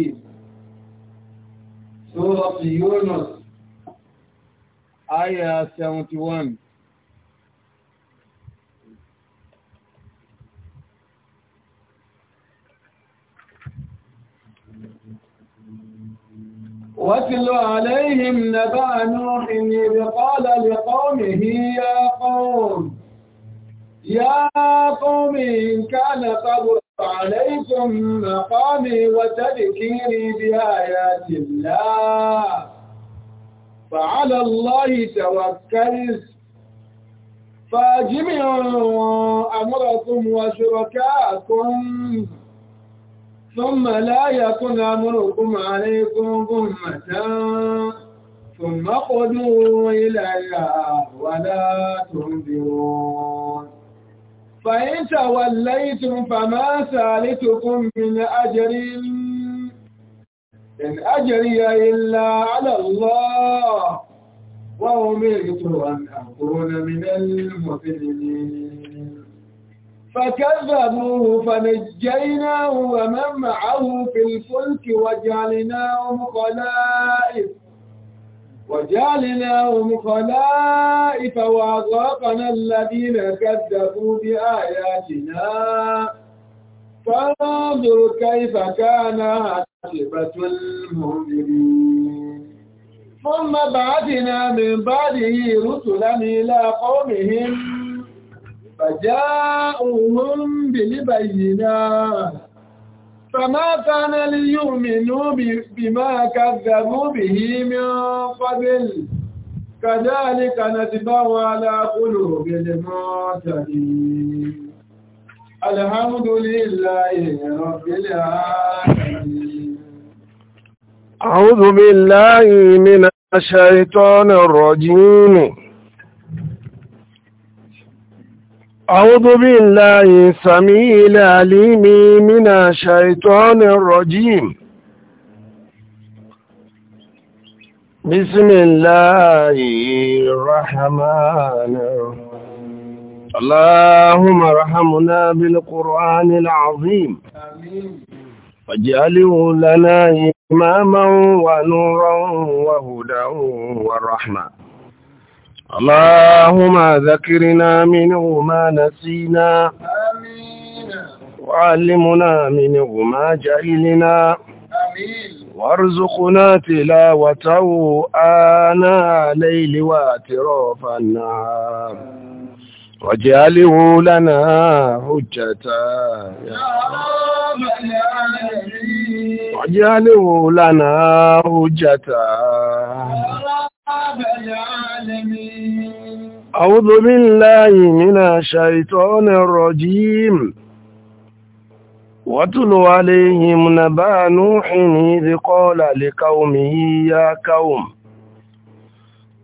الترتيب سورة يونس آية 71 واتل عليهم نبأ نوح إذ قال لقومه يا قوم يا قوم إن كان كبر فعليكم مقامي وتذكيري بآيات الله فعلى الله توكلت فاجمعوا أمركم وشركاكم ثم لا يكن أمركم عليكم ظلمة ثم قدوا إليها ولا تنذرون فإن توليتم فما سالتكم من أجر إن أجري إلا على الله وأمرت أن أكون من المسلمين فكذبوه فنجيناه ومن معه في الفلك وجعلناهم خلائف وجعلناهم خلائف وأغرقنا الذين كذبوا بآياتنا فانظر كيف كان عاقبة المنذرين ثم بعثنا من بعده رسلا إلى قومهم فجاءوهم بالبينات فما كان ليؤمنوا بما كذبوا به من قبل كذلك نتبع على قلوب المعتدين الحمد لله رب العالمين أعوذ بالله من الشيطان الرجيم أعوذ بالله السميع العليم من الشيطان الرجيم بسم الله الرحمن الرحيم اللهم ارحمنا بالقرآن العظيم واجعله لنا إماما ونورا وهدى ورحمة اللهم ذكرنا منه ما نسينا آمين وعلمنا منه ما جهلنا آمين وارزقنا تلاوته آناء ليل وأطراف النهار واجعله لنا حجة يا رب العالمين واجعله لنا حجة أعوذ بالله من الشيطان الرجيم واتل عليهم نبأ نوح إذ قال لقومه يا قوم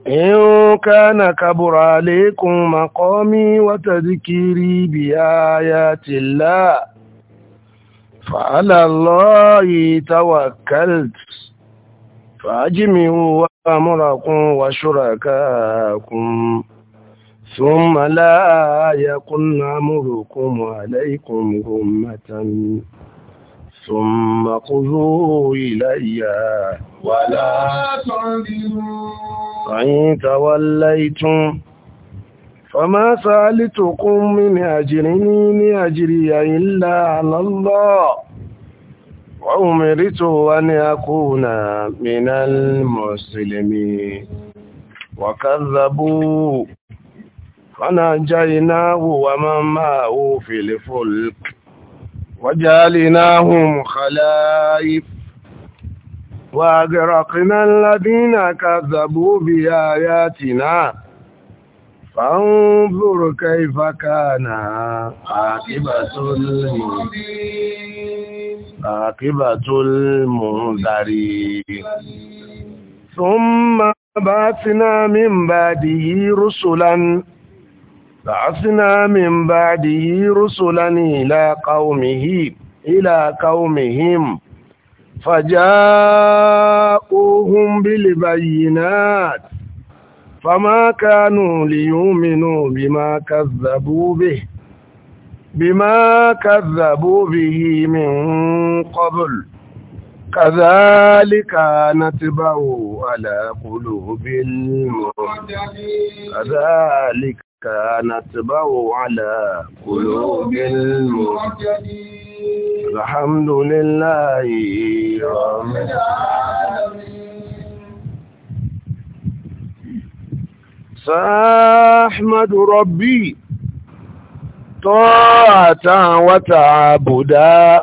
إن كان كبر عليكم مقامي وتذكيري بآيات الله فعلى الله توكلت فأجمعوا أمركم وشركاكم ثم لا يكن أمركم عليكم غمة ثم قضوا إلي ولا تعذروا فإن توليتم فما سألتكم من أجر من أجري إلا على الله وأمرت أن أكون من المسلمين وكذبوا فنجيناه ومن معه في الفلك وجعلناهم خلائف وأغرقنا الذين كذبوا بآياتنا فانظر كيف كان عاقبة عاقبة المنذرين ثم بعثنا من بعده رسلا بعثنا من بعده رسلا إلى قومه إلى قومهم فجاءوهم بالبينات فما كانوا ليؤمنوا بما كذبوا به بما كذبوا به من قبل كذلك نتبع على قلوب المعتدين كذلك نتبع على قلوب المعتدين الحمد لله رب العالمين سأحمد ربي طاعة وتعبدا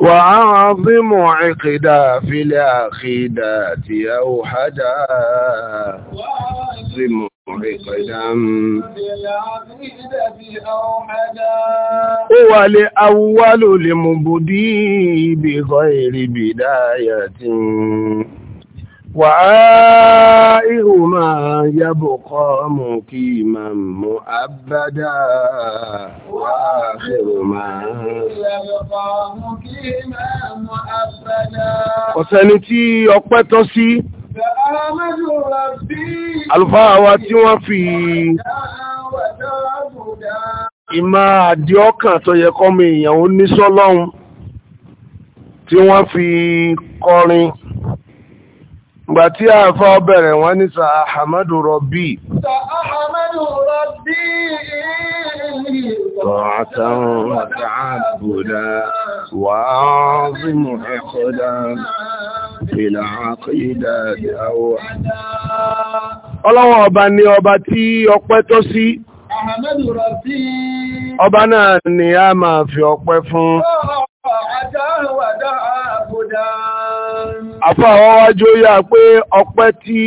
وأعظم عقدا في العقيدات أوحدا وأعظم عقدا هو الأول لمبدي بغير بداية وعائهما يبقى مقيما مؤبدا وآخر ما يبقى مقيما مؤبدا ọ̀sẹ̀ni tí ọpẹ́ tọ́ sí àlùfáà wa tí wọ́n fi ìmọ̀ àdíọ́kàn tó yẹ kọ́mọ èèyàn ó ní sọ́lọ́run tí wọ́n fi kọrin. ìgbà tí àfá ọbẹ̀rẹ̀ wọn ní sa ahamadu rọ̀bí طاعة وتعبدا وعظم حقدا في العقيدة أو Ọlọ́run ọba ni ọba tí ọpẹ́ tọ́ sí. Ọba náà ni a àfọ́ àwọn wájú yá pé ọpẹ́ tí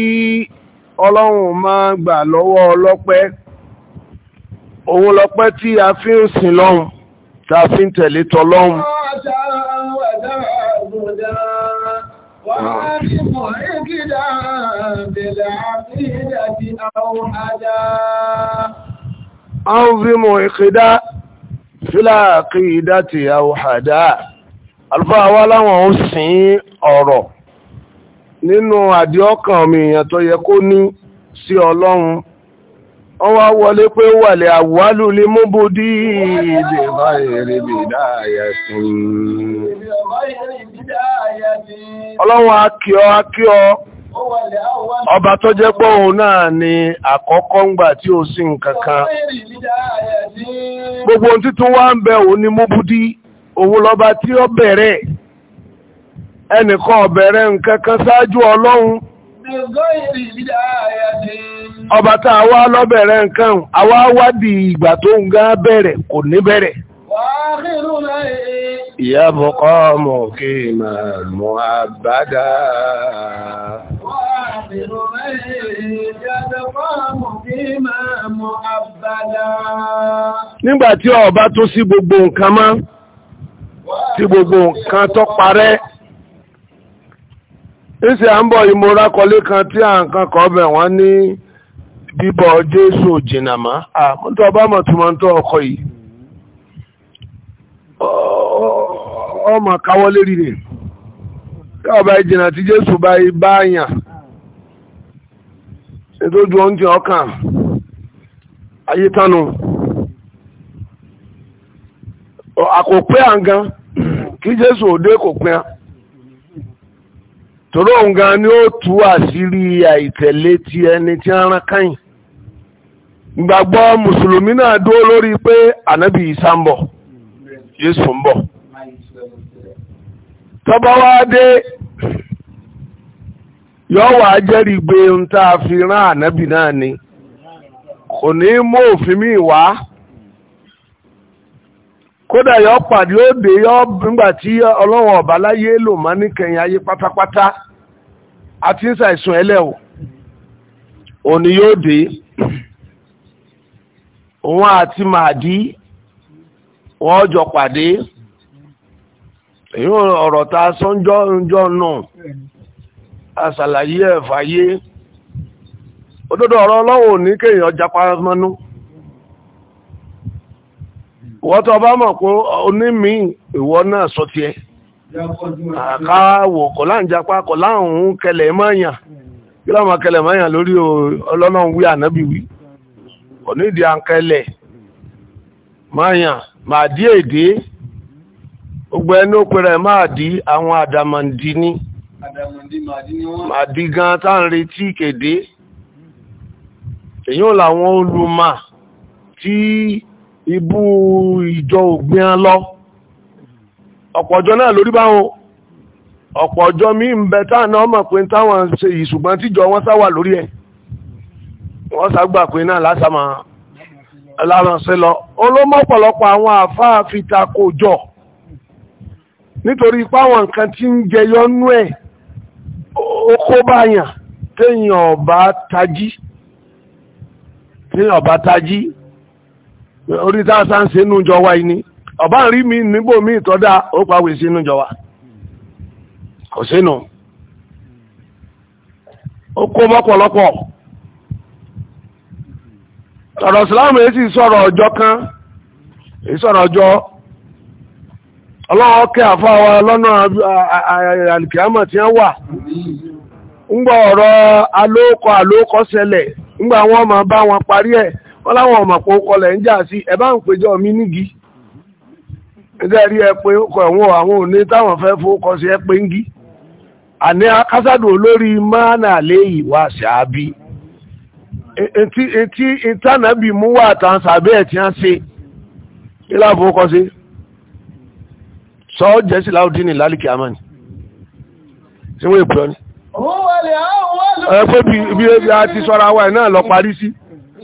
ọlọ́run máa gbà lọ́wọ́ ọlọ́pẹ́ òun lọ́pẹ́ tí a fi ń sìn lọ́hun tá a fi ń tẹ̀lé tọlọ́hun Anzimu ìkìdá fílàkìdá ti àwòhàdá. Alfa wa láwọn ó sin ọ̀rọ̀. nínú àdíọ́kàn ọmọ èèyàn tó yẹ kó ní sí ọlọ́run wọ́n wá wọlé pé wàlẹ̀ àwálù lè mú bó dí ìdè báyẹ̀rẹ̀ lè dáàyà sí ọlọ́run akíọ́ akíọ́ ọba tó jẹ́ pọ́ náà ni àkọ́kọ́ ń gbà tí ó sì ń kankan gbogbo ohun títún wá ń bẹ òun ni mú bú dí òun lọ́ba tí ó bẹ̀rẹ̀ ẹnìkan ọ̀bẹ̀rẹ̀ nǹkan kan ọlọ́run ọba tá wá lọ́bẹ̀rẹ̀ nǹkan àwa wádìí ìgbà tó ń gá bẹ̀rẹ̀ kò ní bẹ̀rẹ̀ ìyá mọ̀ kí mọ̀ nígbàtí ọba tó sí gbogbo mọ́ tí gbogbo tó parẹ́ e à ń bọ̀ ìmúra kọlé kan tí à ń kan kọ́ bẹ̀ ní bíbọ̀ jésù ọkọ yìí ọmọ káwọ́ lérí tí ọba ìjìnà tí jésù bá bá yàn nítorí oúnjẹ ọkàn ayé àkópẹ́ àǹgan kí jésù òde kò torí òun ni ó tú àṣírí àìtẹ̀lé ti ẹni tí ń rán káyìn ìgbàgbọ́ mùsùlùmí náà dúró lórí pé ànábì ìsá ń bọ̀ Jésù ń bọ̀ tọ́ba wá dé yọ wà á jẹ́rìí ni kò ní kódà yọ pàdé òde yọ nígbà tí ọlọ́wọ̀n ọ̀bá láyé lò má ní kẹyìn ayé pátápátá àti ń ṣàìsùn ẹlẹ́wọ̀ òní yóò dé òun àti màdí wọ́n jọ pàdé èyí ọ̀rọ̀ ta sọ́njọ́ náà àṣàlàyé ẹ̀fàyé ọ̀rọ̀ wọ́n tó bá mọ̀ pé onímì ìwọ náà sọ tiẹ̀ àkáwò kọ̀ láǹjapá kọ̀ láhùn kẹlẹ̀ mọ́yàn kí láwọn akẹlẹ̀ mọ́yàn lórí ọlọ́nà wí ànábì wí onídìí àǹkẹlẹ̀ mọ́yàn máa dí èdè gbogbo ẹni òpèrè máa dí àwọn àdàmàndì ní dí gan tá retí kéde èyí ò làwọn olùmọ̀ tí ìbú ìjọ ògbìn lọ ọ̀pọ̀ ọjọ́ náà lórí báwọn ọ̀pọ̀ ọjọ́ mi ń bẹ táwọn ọmọ pé táwọn ṣe yìí ṣùgbọ́n tíjọ wọn sáwà lórí ẹ̀ wọ́n ságbà pé náà lásàmà alárànṣẹ́ lọ olómọ́pọ̀lọpọ̀ àwọn àfáà fi ta jọ nítorí páwọn nǹkan tí ń jẹyọ nú ẹ̀ ó kó báyàn téèyàn ọba tají orí tá a sá ń ṣe inú ìjọ wa yìí ni ọba rí mi níbò mí ìtọ́dá ó pàwé sí inú ìjọ wa kò sínú ó kó mọ́pọ̀lọpọ̀ ọ̀rọ̀ ìsìláàmù yìí sọ̀rọ̀ ọjọ́ kan èyí sọ̀rọ̀ ọjọ́ ọlọ́wọ́ kẹ́ àfọ́ wa lọ́nà àlìkìámọ̀ tí wọ́n wà ń gbọ́ ọ̀rọ̀ alóòkọ alóòkọ ń gbà wọ́n máa bá wọn parí ẹ̀ wọ́n láwọn ọmọ pé ó kọlẹ̀ ń jà sí ẹ bá ń péjọ mi nígi ẹgbẹ́ rí ẹ pé ó kọ ẹ̀wọ̀n àwọn òní táwọn fẹ́ fowókọ sí ẹ pé ń gí àní akásàdù olórí mánà léyìí wá ṣáàbí etí ìtànàbì mú wà tán sàbẹ́ ẹ̀ tí wọ́n ṣe sí sọ jẹ́sí láwùdíní lálìkì àmàní tí wọ́n èpè ọ́ ni. ẹ pé bí a ti sọ́ra wa ẹ̀ náà lọ parí sí.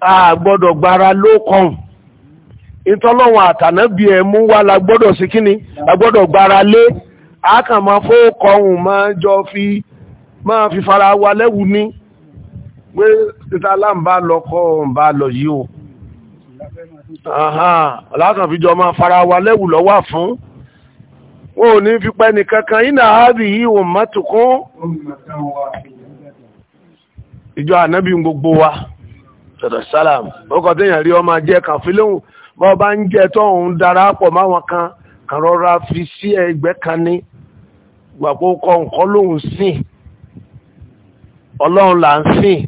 a gbọ́dọ̀ gbára ló kàn ìtọ́lọ́wọ̀n àtànábì ẹ̀ mú wá la gbọ́dọ̀ sí kíni la gbọ́dọ̀ gbára lé a kàn máa fóókọ̀ ọ̀hún máa jọ fi máa fi fara wa lẹ́wù ní pé títa láǹbá lọ́kọ́ ọ̀nbá lọ yìí o láàkàn fi jọ máa fara wa lẹ́wù lọ́wà fún wọn ò ní fi pẹ́ nìkankan iná àábì yìí ò mọ́tò ìjọ ànábì gbogbo wa. sọ̀dọ̀ sálàm ọkọ̀ téèyàn rí ọmọ jẹ́ kàn fi bọ́ bá ń jẹ tó ń darapọ̀ máwọn kan kàn fi sí ẹgbẹ́ kan ní gbàpọ̀ kọ nǹkan lóhùn sìn ọlọ́run là ń sìn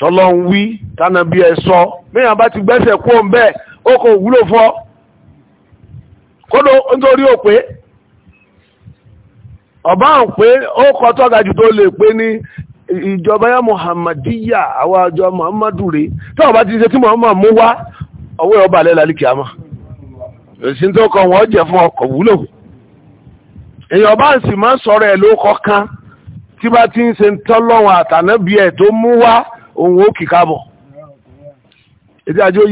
tọ́lọ́run wí tánà bí ẹ sọ bá ti gbẹ́sẹ̀ kú òun bẹ́ẹ̀ ó kò wúlò fọ́ ìjọba ya muhammadiya àwọn àjọ muhammadu rẹ̀ tó bá ti ṣe tí muhammad mú wá ọwọ́ ọba alẹ́ lálìkì àmà tó kọ wọ́n fún ọkọ̀ wúlò èèyàn bá ń sì máa sọ̀rọ̀ ẹ̀ ló kọ̀ọ̀kan tí bá ti ń ṣe ń tọ́lọ́wọ̀n ẹ̀ tó mú wá òun ó kì kábọ̀ ètí àjọ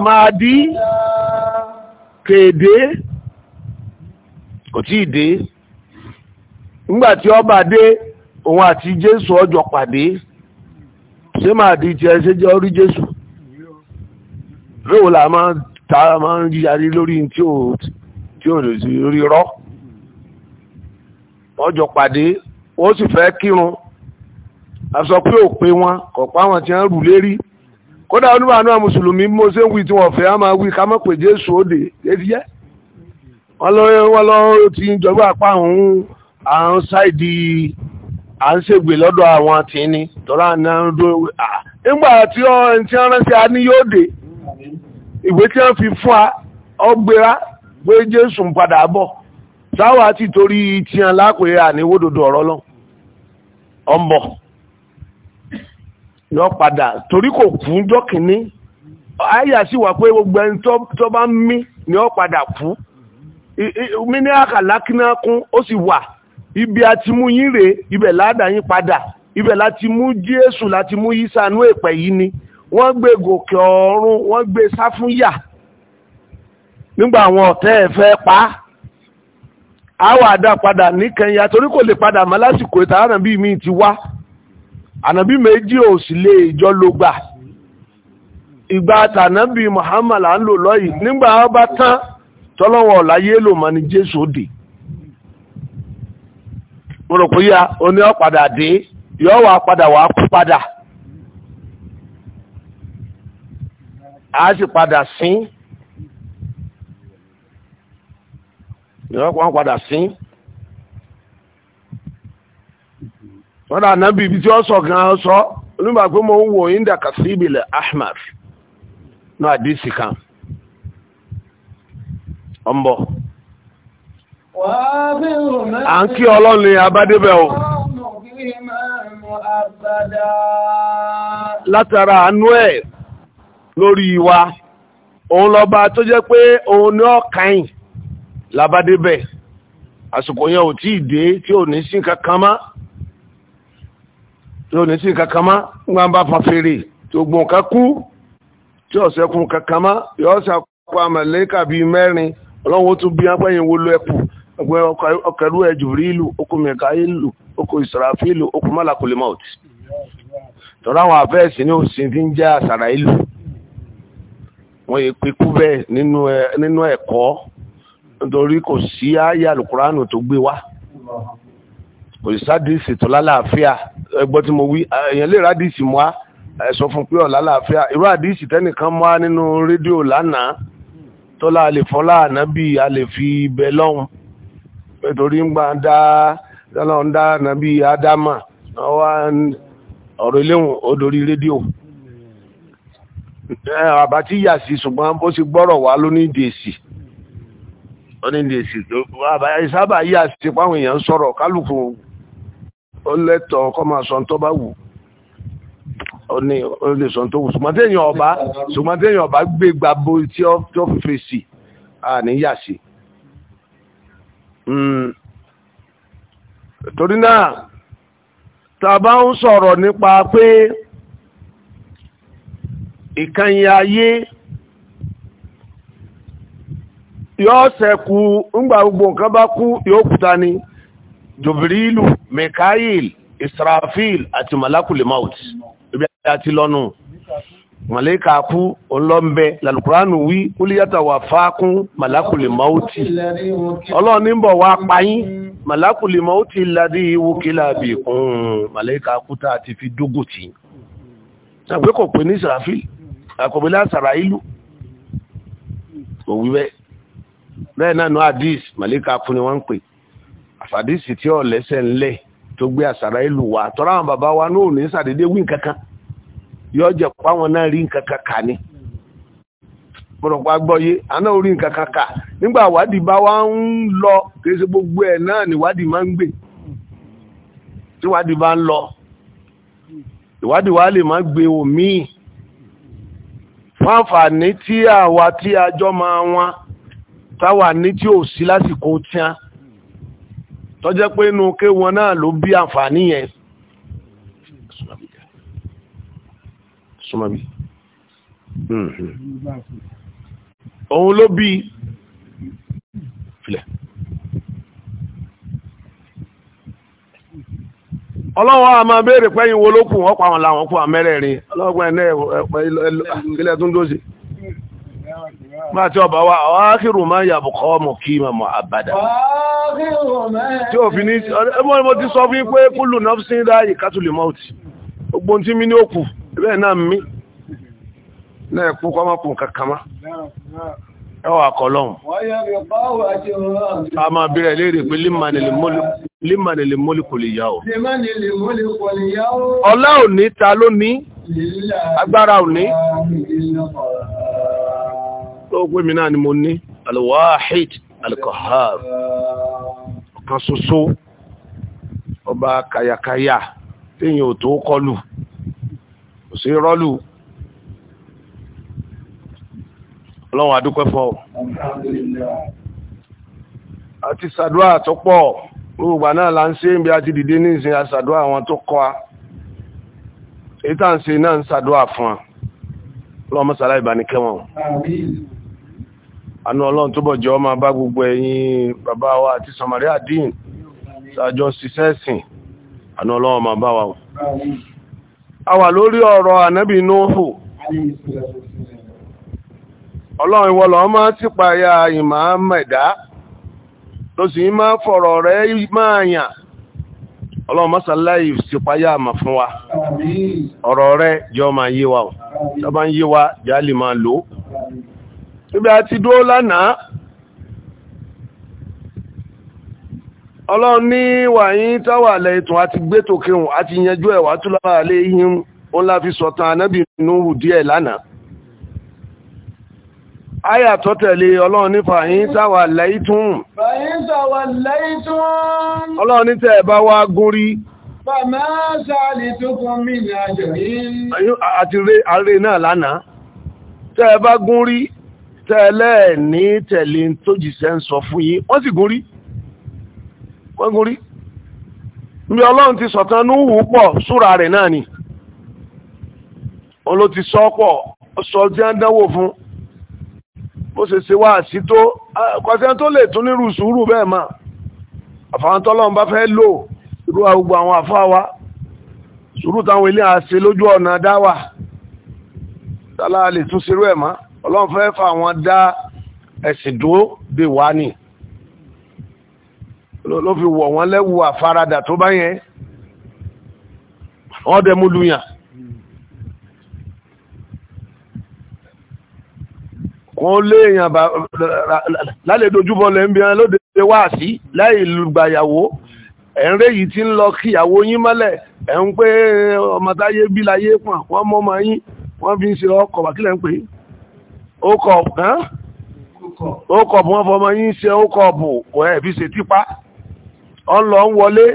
Màdí kèdè kò tí ìdè nígbàtí ọba dé òun àti Jésù ọjọ́ pàdé ṣé màdí tí ẹ ṣe jẹ́ orí Jésù lóòlà máa tààrà máa ń yíyarí lórí tí ò tí ò rọ́ ọjọ́ pàdé ó sì fẹ́ kírun a sọ pé òpin wọn kò pa àwọn tí wọ́n rù lérí kódà onímọ̀ àná mùsùlùmí mo ṣe ń wí tí wọ́n fẹ́ á máa wí ká mọ̀ pé jésù òde èdè yẹ wọ́n lọ wọ́n lọ ti ń jọgbọ́ apá àwọn àwọn sáìdì à ń ṣègbè lọ́dọ̀ àwọn tìǹní tọ́lá náà ń dúró à nígbà tí ọ ẹni ránṣẹ́ a ní yóò dé ìwé tí wọ́n fi fún a ọ gbéra pé jésù ń padà bọ̀ sáwà ti torí tiẹ̀ lápè àníwódòdó ọ̀rọ̀ lọ ọ̀ ń bọ̀ yọ padà torí kò kú jọ́ kìíní àyà sì wà pé gbogbo ẹni tó bá ń mí ni ó padà kú mí ní àkàlákínà kún ó sì wà ibi àti mú yín rèé ibẹ̀ láàdá yín padà ibẹ̀ láti mú Jésù láti mú yí sanú èpẹ̀ yìí ni wọ́n gbé gòkè ọ̀run wọ́n gbé sáfúnyà nígbà àwọn ọ̀tẹ́ ẹ̀ fẹ́ pa á á wà dá padà níkẹyìn àtorí kò lè padà mọ́ lásìkò ìtàwọn àbí mi ti wá ànàbí méjì ò sì lé ìjọ ló gbà ìgbà tànàbí Muhammad à ń lò lọ́yìí nígbà bá tán tọ́lọ́wọ́ láyé lò mọ́ ni Jésù òde mo rò pé yá oní ọ̀padà dé yọ wà padà wà kú padà a sì padà sín yọ wà padà sín. sọ́dọ̀ ànábì ibi tí ó sọ gan sọ onígbà pé mo ń wò inda kasibile ahmar náà àdìsí kan ọmọ à ń kí ọlọ́run ní abádébẹ̀ o látara àánú ẹ̀ lórí wa òun lọ́ba tó jẹ́ pé òun ní ọ̀kàyìn labádébẹ̀ àsìkò yẹn ò tí ì dé tí ò ní sí kankan máa tó ní sí kankan má ńgbà bá fa fèrè tó gbọ̀n ká kú tí ọ̀sẹ̀ kun kankan má yọ ọ̀sẹ̀ kó àmàlẹ́kà bíi mẹ́rin tún bí apẹ́yìn wo lọ ẹ̀kú ẹgbẹ́ ọkẹ̀rú okùn mẹ̀káìlù okùn okùn mọ́làkùlẹ̀ tọ́lá àwọn àfẹ́ẹ̀sì ní kò sí sádìsì tó lálàáfíà ẹgbọ́n tí mo wí èèyàn lè rádìsì mọ́ ẹ sọ fún pé ọ̀la láàfíà irú àdìsì tẹ́nìkan mọ́ nínú rédíò lánàá tọ́lá lè fọ́lá ànábì a lè fi ibẹ̀ lọ́hùn nítorí ń gbà dá ọlọ́run dá ànábì ádámà ọ̀rọ̀ iléhùn odòrí rédíò àbá tí yà sí ṣùgbọ́n bó ṣe gbọ́rọ̀ wá lónídìí èsì lónídìí èsì àbá yà èèyàn sọ̀rọ̀ kálukú ó ọkọ kọ́ máa sọ tó bá wù ó ní ó sọ tó wù sùmọ́tẹ́yìn ọba sùmọ́tẹ́yìn ọba gbé gbàgbó tí ó tó fèsì àníyàsí. Hmm. torí náà tàbá ń sọ̀rọ̀ nípa pé ìkànnì ayé yóò ṣẹ́kù ńgbà gbogbo nǹkan bá kú yóò kúta ni. Jubrilu Mikail Israfil àti Malakul Maut ibi àti lọ́nu màlẹ́kà kú ọlọ́m̀bẹ lálùkùránù wí kúlíyàtà wà fákún màlákùlì maútì ọlọ́run ní bọ̀ wá payín màlákùlì maútì ládí ìwò kílàbì kún màlẹ́kà kú tàà ti fi dógò tí ṣàgbé kò pè ní sàràfíì àkọ̀bí lásàrà ìlú òwúwẹ́ bẹ́ẹ̀ náà nù àdís màlẹ́kà kú ni wọ́n ń pè fàdísì tí ọ lẹ́sẹ̀ ńlẹ̀ tó gbé àsàrà ìlú wa tọ́ra àwọn bàbá wa náà ní sàdédé wí nkankan yóò jẹ́ páwọn náà rí nkankan kà pọ̀rọ̀pọ̀ agbọ́yé àná orí nkankan kà nígbà wádìí bá wá ń lọ gbogbo ẹ̀ náà ni wádìí máa ń gbè tí wádìí bá ń lọ ìwádìí wa lè gbé omi tí àwa tí a jọ máa wọn táwa ní tí ò sí lásìkò tó jẹ́ pé inú ké wọn náà ló bí àǹfààní yẹn súnmọ́bí hmm. òun ló bí filẹ̀ ọlọ́wọ́ a máa béèrè pẹ́yìn wo ló kù wọ́n pa ọlọ́gbọ́n tó ń máa tí ọba àwọn ákìrù máa yàbùkọ́ mọ̀ kí mọ̀ àbádà. tí òfin ní ẹgbọ́n mo ti sọ fún pé náà sí mọ́ọ̀tì tí mi ní ẹgbẹ́ náà náà kú kọ́ mọ́pù ẹwà a máa bẹ̀rẹ̀ léèrè pé límanìlè mólíkò ọlá ò ní ta ló ní agbára ò ní tó mi náà ni mo ní alikọ̀hár ọ̀kan ṣoṣo ọba kàyàkàyà téèyàn ò tó kọlù kò sí rọ́lù ọlọ́run adúpẹ́ fọ́ àti sàdúrà tó pọ̀ gbogbo náà la ń ṣe ń bí a ti dìde ní ìsìn àṣàdúrà àwọn tó kọ́ a èyí tá à ń ṣe náà ń ṣàdúrà fún wa ọlọ́run mọ́sálá ìbánikẹ́ wọn. àánú ọlọ́run tó bọ̀jọ́ ma bá gbogbo ẹ̀yin bàbá wa àti samaria dean sàjọ ṣiṣẹ́ ẹ̀sìn àánú ọlọ́run ma bá wa o a wà lórí ọ̀rọ̀ ànábì nóòfò ọlọ́run ìwọ lọ máa ti pàyà ìmọ̀ mẹ̀dá tó sì máa fọ̀rọ̀ rẹ̀ máa yàn ọlọ́run mọ́sàláì sípayá àmà fún wa ọ̀rọ̀ rẹ̀ jọ máa yé wa o tó bá ń yé wa jálì máa lò ó ibi ti dúró lánàá ọlọ́run ní wàyín táwà alẹ́ ìtùn àti gbétò kírùn àti yanjú ẹ̀wà tó lára alẹ́ yìí ó fi sọ̀tàn anábì Nuhu díẹ̀ lánàá Aya tó tẹ̀lé ọlọ́run ní fàyín táwà alẹ́ ìtùn ọlọ́run ní tẹ́ bá wá gún rí àti àrẹ náà lánàá tẹ́ bá gún rí tẹ́lẹ̀ ní tẹ̀lé tó jìṣẹ́ ń sọ fún yín wọ́n sì gún rí wọ́n gún rí bí ọlọ́run ti sọ̀tàn núhù pọ̀ súra rẹ̀ náà ni oló ti sọ pọ̀ sọ tí a ń dánwò fún bó ṣe ṣe wá sí tó kọ̀ọ̀tẹ́ tó lè tún nírú sùúrù bẹ́ẹ̀ ma àfàwọn tọ́lọ́run bá fẹ́ lò irú gbogbo àwọn àfáà wa sùúrù táwọn ilé àṣẹ lójú ọ̀nà dáwà tálá lè tún ṣerú ẹ̀ máa ọlọ́run fẹ́ fà wọ́n dá ẹ̀sìn dúró dè wá nì ló fi wọ̀ wọ́n lẹ́wù àfaradà tó bá yẹn wọ́n dẹ̀ mú lùyàn kò léèyàn lálẹ́ dojúbọ lẹ́ ń bí wọn lóde wá sí láì lùgbàyàwó ẹ̀ ń réyìí tí ń lọ kíyàwó yín mọ́lẹ̀ ẹ̀ ń pé ọmọ táyé bí láyé pọ̀n wọ́n mọ́ ọmọ yín wọ́n fi ń ṣe ọkọ̀ wákìlẹ̀ ń pè é ụkọ ọbụla fọmọ yí ń ṣe ókọ̀pù bụ ṣe típá ọlọ ń wọlé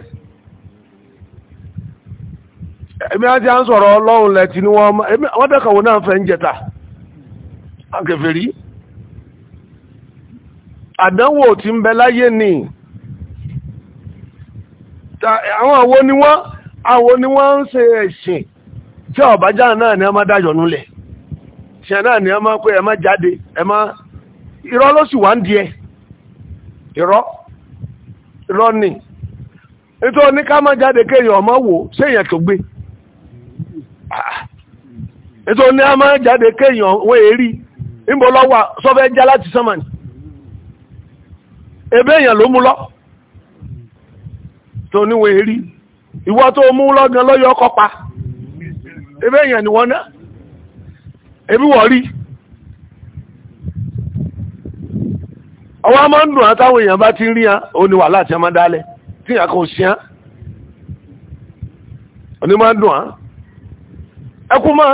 ẹ̀mí àti à ń sọ̀rọ̀ ọlọ́run lẹ́tì ní wọ́n wọ́n tẹ́kọ̀wò náà fẹ́ ń bẹ láyé ni àwọn àwo ni wọ́n ń ṣe ẹ̀sìn tí náà ni ṣe náà ni ẹ máa pé ẹ máa jáde ẹ máa irọ́ ló sì wá ń irọ́ irọ́ ni nítorí ní ká máa jáde kéèyàn ọmọ wò séèyàn tó gbé ah. nítorí ní ká máa jáde kéèyàn wọ́n èrí níbo lọ́wọ́ sọ́fẹ́ já láti ni ebe èèyàn ló mú lọ tó níwọ̀n èrí ìwọ́ tó ebe èèyàn ni wọ́n ebi wọ́n rí ọwọ́ a máa ń dùn àtàwọn ti rí a ó ní a dálẹ̀ tí a máa ń dùn a ẹkú máa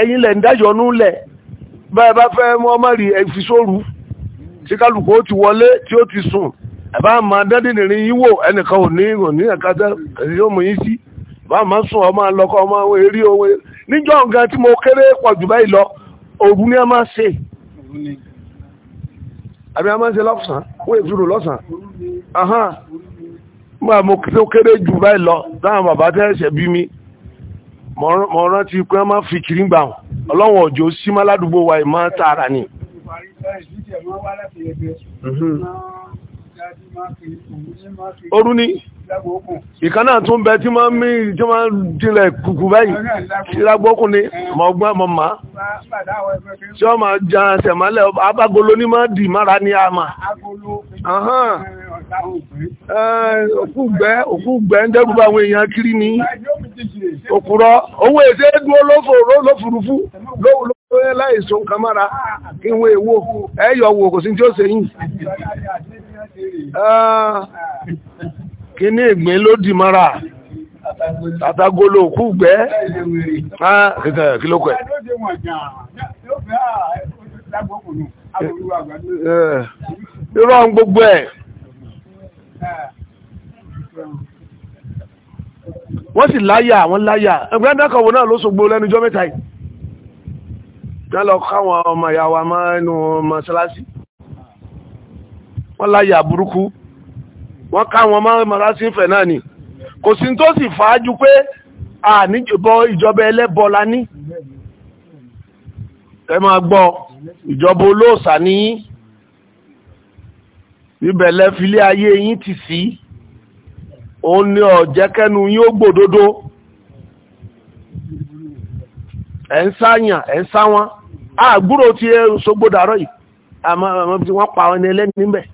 ẹ̀yin lẹ̀ ń dájọ́ nú lẹ̀ bẹ́ẹ̀ bá fẹ́ wọ́n má rí ẹ̀fi ti wọlé tí ó ti sùn ẹ̀bá ma dẹ́dìnrín yín wò ẹnìkan ò ní ìròyìn tẹ́ ẹ̀yìn mú sí bá máa sùn ọmọ ọmọ níjọ́ nǹkan tí mo kéré pọ̀ jù báyìí lọ òru ni a máa ṣe àbí a máa ń ṣe lọ́sàn-án wọ́n èdúró lọ́sàn-án máa mo kéré jù báyìí lọ láwọn bàbá tẹ́ ẹ̀ṣẹ̀ bí mi mọ̀ rántí pé wọ́n máa fi kiri gbà wọ́n ọlọ́wọ̀n òjò símá ládùúgbò wa ìmọ̀ tààrà ni orú ni ìkan náà tún bẹ tí máa ń mí tí máa ń dilẹ̀ kùkù báyìí ìlàgbọ́kùn ni ọmọ ọgbọ́n ọmọ mà á tí ọmọ jà sẹ̀málẹ̀ abágolo ní máa dì mára ní àmà òkúgbẹ́ òkúgbẹ́ ń dẹ́rù bá àwọn èèyàn kiri ní òkúrọ́ owó èsè dúró lófurufú lóyún láìsó nǹkan mára kí wọ́n èwo ẹ̀yọ̀ wò kò sí tí ó sẹ́yìn. Ah. kíní ìgbín ló dì mọ́ra àtàgolo òkú gbẹ́ ah, kíkẹ́ kí ló kọ́ ẹ̀. Eh, irọ́ ń gbogbo ẹ̀ wọ́n sì láyà àwọn láyà ẹgbẹ́ dákọ̀wò náà ló sògbó lẹ́nu jọ́ mẹ́ta yìí. wọ́n lọ káwọn ọmọ ìyá wa máa ń nu wọ́n láyà burúkú wọ́n ká wọn máa mara sí ìfẹ̀ náà ni kò sí tó sì fàájú pé a níjọba ìjọba ẹlẹ́bọ la ní ẹ máa gbọ́ ìjọba olóòsà ní ibẹ̀lẹ̀ filé ayé yìí ti sí òun ni ọ̀jẹ́kẹ́nu yín gbòdodo ẹ̀ ń ẹ̀ ń sáwọn àgbúrò tí ẹ sọgbódàrọ́ yìí àmọ́ tí wọ́n pa ọ ní ẹlẹ́ni níbẹ̀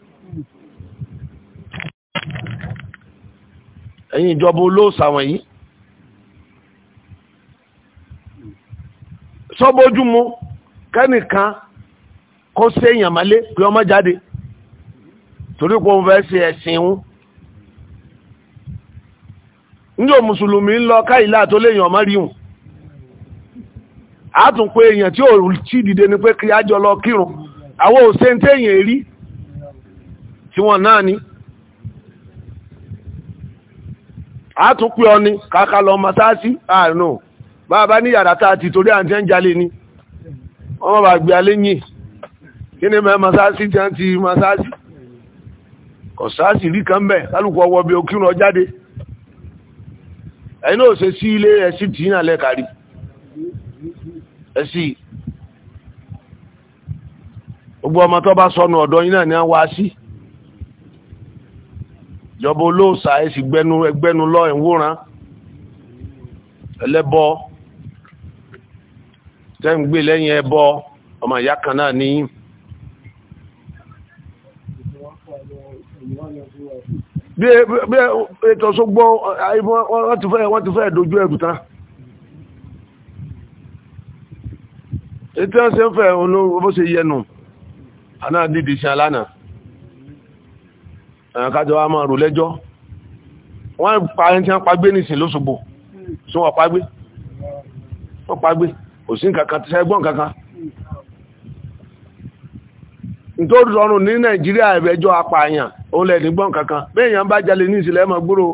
ẹ̀yin ìjọba olóòsà wọ̀nyí sọ́bójúmu kẹ́nìkan kó séèyàn málé pé ọmọ jáde torí kò ń fẹ́ ẹ̀sìn wọn mùsùlùmí ń lọ káìlá tó ọmọ ríhùn hùn pé èèyàn tí ò tí dìde ni pé àtúnpé ọni kàkà lọ masáàsì àánú bàbá ní yàrá a ń jalè ni wọ́n bá gbé alé yìn kí ni mẹ́ masáàsì tí wọ́n ti masáàsì kọ̀sáàsì rí kan bẹ̀ kálukú ọwọ́ bí okírun ọjáde ẹ̀yin náà ṣe sí ilé ẹ̀sì tì í nàlẹ́ kárí ẹ̀sì gbogbo ọmọ tó bá sọnù ọ̀dọ́ náà ni ìjọba olóòsà ẹ sì gbẹnu ẹgbẹnu lọ ìwòran ẹlẹ́bọ tẹ́ ń gbé lẹ́yìn ẹbọ ọmọ ìyá kan náà ní bí ètò ṣogbọ́ wọ́n ti fẹ́ dojú ẹ̀rù tán ètò ẹ̀sẹ̀ ń fẹ́ olóòwò bó ṣe yẹnu àná dìdì ṣe alánàá kájọ wa máa rò lẹ́jọ́ wọ́n pa ẹni tí wọ́n pagbé nìsín lóṣogbo tí wọ́n pagbé wọ́n pagbé kò sí tí kankan nítorí ní nàìjíríà apààyàn nígbọ́n kankan bẹ́ẹ̀ yàn bá jalè ní gbúrò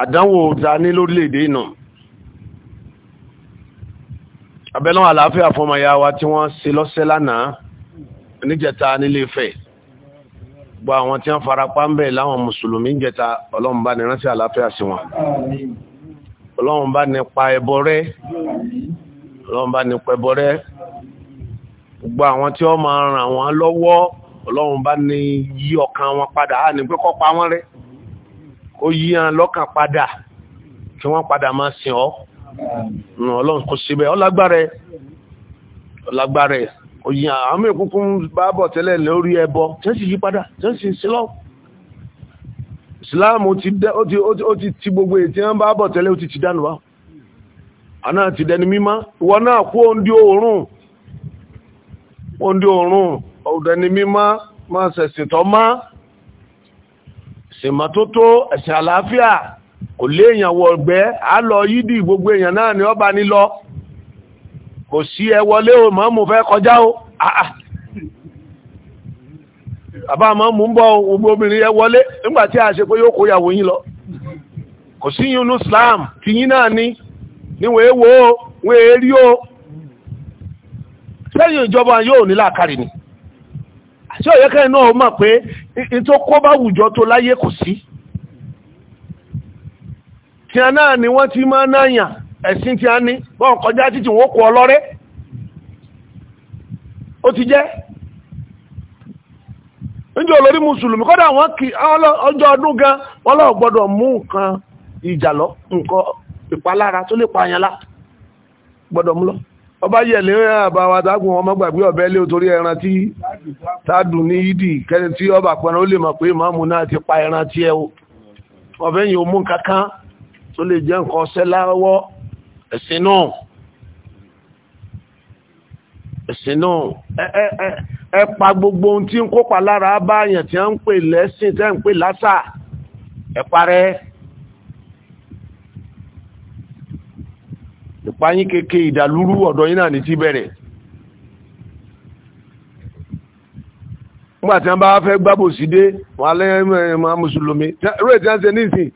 àdánwò ta ní lórílẹ̀-èdè abẹ́lọ́wọ́ àlàáfíà fún ọmọ ìyá wa tí wọ́n ṣe lọ́sẹ̀ lánàá níjẹta nílé Ifẹ̀ gbọ́ àwọn tí wọ́n farapa ń bẹ̀ láwọn mùsùlùmí jẹta ọlọ́run bá ní rántí àlàáfíà sí wọn ọlọ́run bá ní pa ẹbọ rẹ́ ọlọ́run bá ní pa ẹbọ rẹ́ gbọ́ àwọn tí wọ́n máa ràn wọ́n lọ́wọ́ ọlọ́run ní yí ọkàn wọn padà á ní pé pa wọ́n rẹ́ kó yí hàn lọ́kàn padà kí wọ́n padà máa sìn ọ́ ọlọ́run kò síbẹ̀ ọlágbára ọlágbára òyìn àmì ìkúnkún bábọ̀ tẹ́lẹ̀ lórí ẹbọ tẹ́sì yípadà tẹ́sì sílọ́ ìsìláàmù ó ti ti gbogbo ètí wọ́n bábọ̀ tẹ́lẹ̀ ó ti ti dánù wá àná ti dẹni mímá ìwọ náà kú òǹdí òórùn òǹdí òórùn ọ̀dẹni mímá máa sẹ̀sìn tọ́ má sèmọ́tótó ẹ̀sìn àlàáfíà kò lé èyàn wọ ọ̀gbẹ́ á lọ yídì gbogbo èyàn náà ni ọba ní lọ kò sí ẹ wọlé o mọ́mù fẹ́ kọjá o ah, ah. bàbá mọ́mù ń bọ́ gbogbo obìnrin ẹ wọlé nígbà a ṣe pé yóò kóyàwó yín lọ kò sí yín Islam tí yín náà ní níwọ̀n èèwò o wọ́n rí o sẹ́yìn ìjọba yóò ní làákàrí ni àti ọ̀yẹ́kẹ́ náà mọ̀ pé ní tó kó bá wùjọ tó láyé kò sí tí a náà ni wọ́n ti máa náyàn ẹ̀sìn tí a ní wọ́n kọjá títí wọ́n kọ ọlọ́rẹ́ ó ti jẹ́ níjọ́ olórí mùsùlùmí kọ́dà wọ́n kì ọjọ́ ọdún gan wọ́n lọ gbọ́dọ̀ mú nǹkan ìjàlọ́ nǹkan ìpalára tó lè pààyànlá gbọ́dọ̀ mú lọ ọba yẹ lè rìn àbá wa tágùn ọmọ gbàgbé ọ̀bẹ lé torí ẹran tí tádùn ní yídì kẹni tí ọba pẹran ó lè mọ̀ pé ìmáàmù náà ti pa ẹran tí ẹ o ọ̀bẹ ò mú nǹkan kan tó lè jẹ́ nǹkan ọṣẹ́ láwọ́ ẹ̀sìn náà ẹ̀sìn náà ẹ ẹ ẹ pa gbogbo ohun tí ń kópa lára báyàn tí ń pè lẹ́sìn tẹ́ ń pè lásà ẹ parẹ́ ìpáyín keke ìdàlúrú ọ̀dọ̀ yín náà ní ti bẹ̀rẹ̀ nígbàtí wọ́n bá fẹ́ gbábòsí dé wọ́n alẹ́ mùsùlùmí rẹ̀ tí wọ́n ṣe nísìn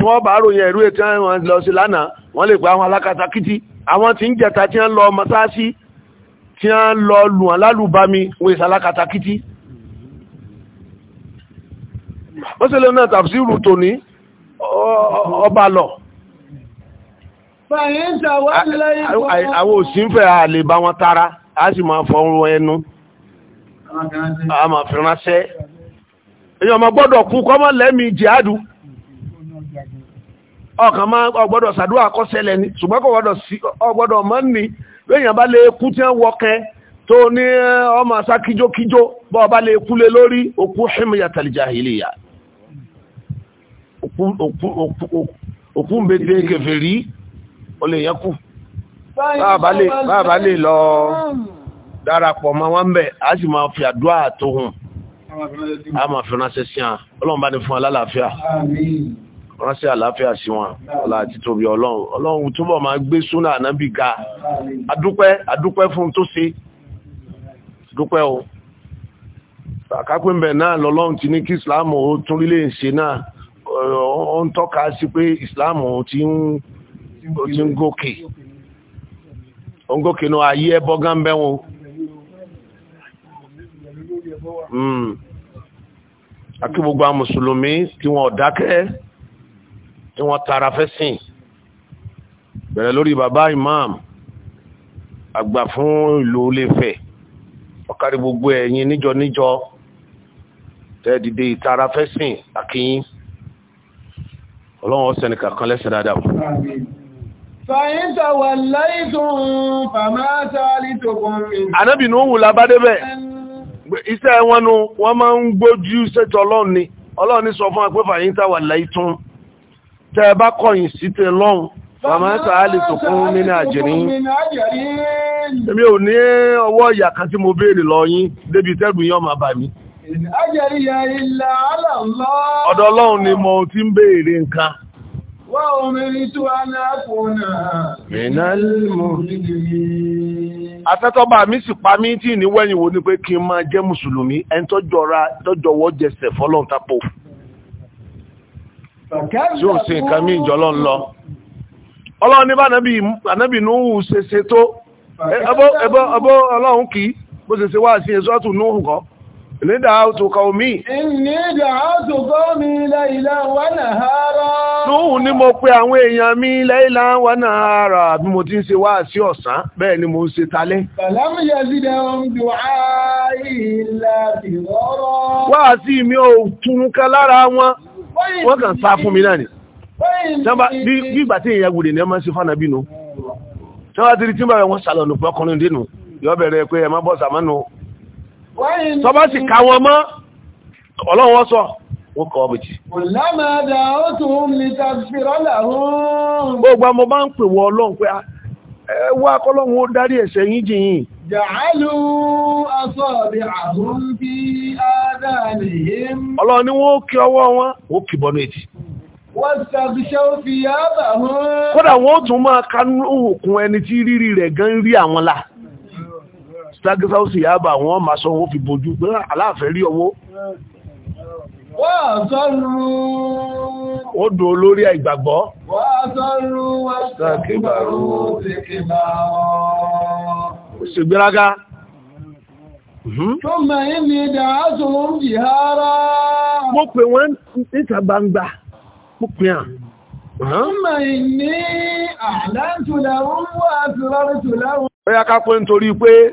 tí wọ́n bá ròyìn ẹ̀rú ètò ẹ̀wọ̀n lọ sí lánàá wọ́n lè gba àwọn alákatakítí àwọn tí ń jẹta tí wọ́n lọ mọ́sáàsì tí wọ́n lọ lù wọ́n lálùbami wọ́n èsà alákatakítí ó sì lè náà tàbísírù tòní ọba lọ àwọn òsínfẹ́ a lè bá wọn tara a sì máa fọ́nrún ẹnu a máa fi ránṣẹ́ èyàn ma gbọ́dọ̀ kú kọ́mọ́ lẹ́mí jihadu ọkàn máa ọgbọ́dọ̀ sàdúrà kọ́sẹ̀lẹ̀ ni ṣùgbọ́n kò gbọ́dọ̀ mọ́ ní lóyìn bá lè kú tí wọ́n wọkẹ́ tó ní ọmọ sá kíjókíjó bọ́ bá lè kú lé lórí òkú himiyatal jahiliya òkú o lè yẹ kú lè lọ ma wọ́n bẹ̀ a sì máa fi àdúrà tó hùn a máa fi ránṣẹ́ ránṣẹ́ àlàáfíà sí wọn láti tóbi ọlọ́run ọlọ́run túbọ̀ máa gbé súnà ànábì ga adúpẹ́ adúpẹ́ fún tó ṣe dúpẹ́ o àkápínbẹ̀ náà lọ́lọ́run ti ní kí islam ó tún lílé ṣe náà ó ń tọ́ka sí pé islam ti ń gòkè ó ń gòkè náà ayé ẹbọ gánbẹ́ wọn hmm. akí gbogbo àwọn mùsùlùmí tí wọn ò dákẹ́ tí wọ́n tara fẹ́ sìn bẹ̀rẹ̀ lórí bàbá imam àgbà fún ìlú Ilé-Ifẹ̀ ọ̀kárí gbogbo ẹ̀yin níjọ níjọ tẹ́ẹ̀dìde ìtara fẹ́sìn àkíyín ọlọ́run ọ̀sẹ̀ nìkan kan lẹ́sẹ̀ dáadáa fún. fàyíntà wà láìsùn fàmáta lítòkùn. ànábì iṣẹ́ wọn nu wọ́n máa ń gbójú sẹ́tọ̀ ọlọ́run ni sọ fún wa pé wà láìsùn. tẹ́ ẹ bá kọ̀yìn sí tẹ lọ́hùn màmá sàálì tó mi ní ò ní ọwọ́ ìyà kan tí mo béèrè lọ yín débi tẹ́gùn ma ọmọ àbàmí. ọ̀dọ̀ ọlọ́run ni mo ti ń béèrè nǹkan. mi sì pa mí tí wo pé kí n máa jẹ́ mùsùlùmí ẹni tí ó ṣe nǹkan mí ìjọ lọ́n lọ ọlọ́run ní bá ànábì núhù ṣe ṣe tó ẹbọ́ ọlọ́run kì í bó ṣe ṣe wá sí ẹ̀ṣọ́ tù núhù kọ́ ìlédà àtòkọ̀ omi ìlédà àtòkọ̀ mi láìlá wà nàárà núhù ní mo pe àwọn èèyàn mi láìlá wà nàárà bí mo ti ń ṣe wá sí ọ̀sán bẹ́ẹ̀ ni mo ń ṣe talẹ́ wá sí mi ò túnú lára wọn wọ́n kàn sá fún mi náà ni bí ìgbà tí èèyàn gùdè ní ọmọ sí fánà bínú tí tí bá wọn sàlọ̀nù pé ọkùnrin yọ bẹ̀rẹ̀ pé ẹ bọ́ sàmánu tọ́bá sì ká wọn mọ́ ọlọ́run sọ wọ́n kọ́ ọbẹ̀jì ẹwọ́ akọ́lọ́run dárí ẹ̀ṣẹ̀ yín jìn jàálù asọ́ àbí àhúnbí á ọlọ́run ni wọ́n ó kí ọwọ́ wọn ó kì bọ́nú ètì kódà wọ́n tún máa kánú òkun ẹni tí rírí rẹ̀ gan rí àwọn là stagisausi yaba wọ́n máa sọ wọ́n fi bojú pé ah, aláàfẹ́ rí ọwọ́ ó dùn olórí àìgbàgbọ́ ṣègbéraga Tọ́mà ìmì ìdá aṣòro ń jì ara. Mo pè wọ́n mo pè à. Tọ́mà ìní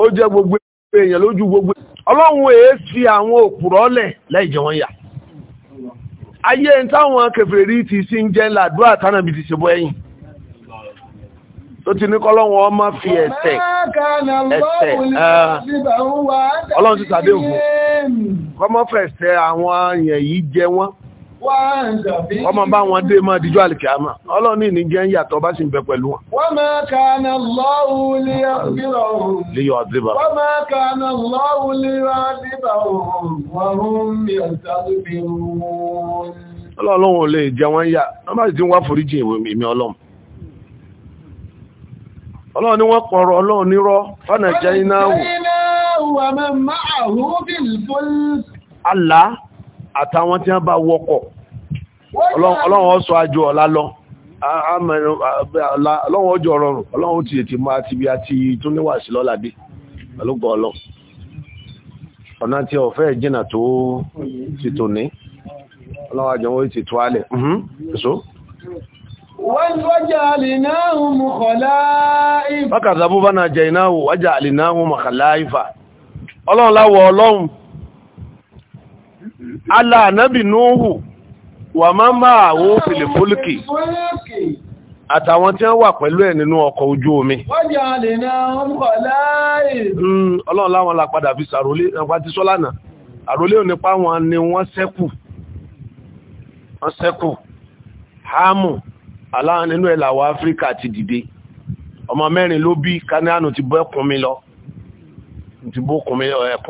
Ó jẹ́ gbogbo èèyàn lójú gbogbo. Ọlọ́run èé fi àwọn lẹ̀ wọn yà. Ayé ń táwọn ti sí ń jẹ́ làdúrà ti ṣe bọ́ ẹ̀yìn. tó ti ní kọ́lọ́wọ́ ọmọ fi ẹ̀ṣẹ̀ ẹ̀ṣẹ̀ ah, ọlọ́run ti tàbí òkú kọ́mọ́ fẹ̀ṣẹ̀ àwọn èèyàn yìí jẹ wọ́n ọmọ bá wọn dé mọ́ díjọ́ àlìkẹ́ àmà ọlọ́run ní jẹ́ ń yàtọ̀ bá sì ń bẹ pẹ̀lú wọn. wọ́n máa kàánà lọ́wọ́ lè yọ̀dìbà òun wọ́n máa kàánà lọ́wọ́ lè yọ̀dìbà òun wọ́n mi ọ̀tàlùmí ọlọ́run ò lè jẹ wọ́n yà wọ́n bá sì ti wá foríjì ìwé mi ọlọ́run ọlọ́run ni wọ́n pọ̀rọ̀ ọlọ́run nírọ́ fánà jẹ́ iná wò alá àtàwọn tí wọ́n bá wọkọ̀ ọlọ́run ọ̀sọ̀ àjò ọ̀lá lọ ọlọ́run ọjọ́ rọrùn ọlọ́run ti ètì máa ti bí a ti tún níwà sí lọ́làdé ọlọ́gbọ̀ ọlọ́ ọ̀nà tí ọ̀fẹ́ jìnà tó ti tò ní ọlọ́run àjọ ti tó alẹ̀ وجعلناهم خلائف فكذبوا فنجيناه وجعلناهم خلائف ọlọ́run láwọ̀ ọlọ́run aláànábì nóòhù wà máa máa wó fìlìfólìkì àtàwọn tí wọ́n wà pẹ̀lú ẹ̀ nínú ọkọ̀ ojú omi alina hmm, láwọn lápadà wọ́n wọ́n aláwọn nínú ẹ̀là wa áfíríkà ti dìde ọmọ mẹ́rin ló bí kanáànù ti bọ́ ẹkùn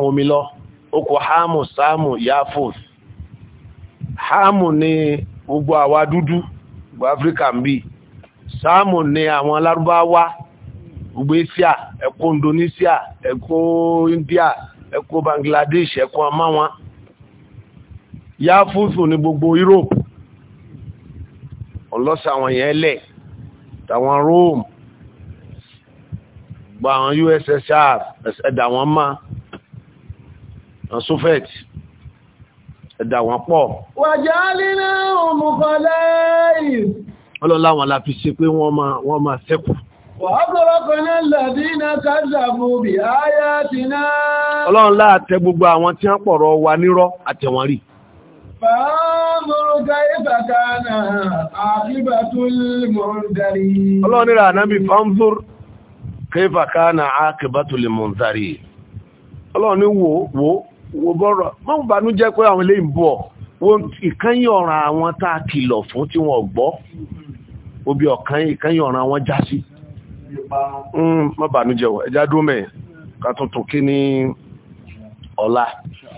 omi lọ ó kọ hamu samu yafos hamu ni gbogbo àwa dúdú gbogbo áfíríkà ń bí samu ni àwọn alárúbáwá gbogbo asia ẹkùn indonesia ẹkùn india ẹkùn bangladesh ẹkùn amáwọn yafos ni gbogbo europe ọlọ́sà àwọn yẹn lẹ̀ tàwọn Rome gba àwọn USSR ẹ̀dà wọn má àwọn Soviet ẹ̀dà wọn pọ̀. wàjá nínú yìí. ọlọ́lá wọn la ṣe pé wọ́n máa wọ́n máa ṣẹ́kù. gbogbo àwọn tí wọ́n pọ̀rọ̀ wa nírọ́ àtẹ̀wọ̀n rí. Ọlọ́run nílà ànábì fanzur kaifa kana aqibatul munzari. Ọlọ́run wo wo wo bọ́rọ̀. Mọ́mù bánú jẹ́ pé àwọn ilé ń bọ̀. àwọn kìlọ̀ fún tí wọ́n gbọ́. Obi àwọn hmm, jẹ́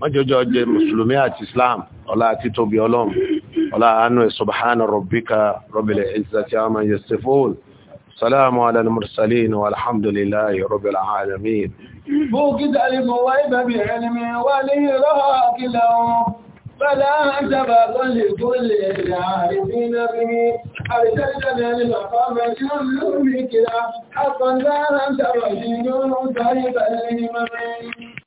mọ́jọ́jọ́ jẹ́ mùsùlùmí àti islam ọlá títóbi ọlọ́run ọlá anú subhana rabbika rabbil izzati amma yasifun salamu ala al-mursalin walhamdulillahi rabbil alamin بوكد الموائب بعلم وليراك له فلا تبغ لكل العارفين به أرسلتنا لمقام جنوبك حقا لا تبغ جنوب طيبا لمن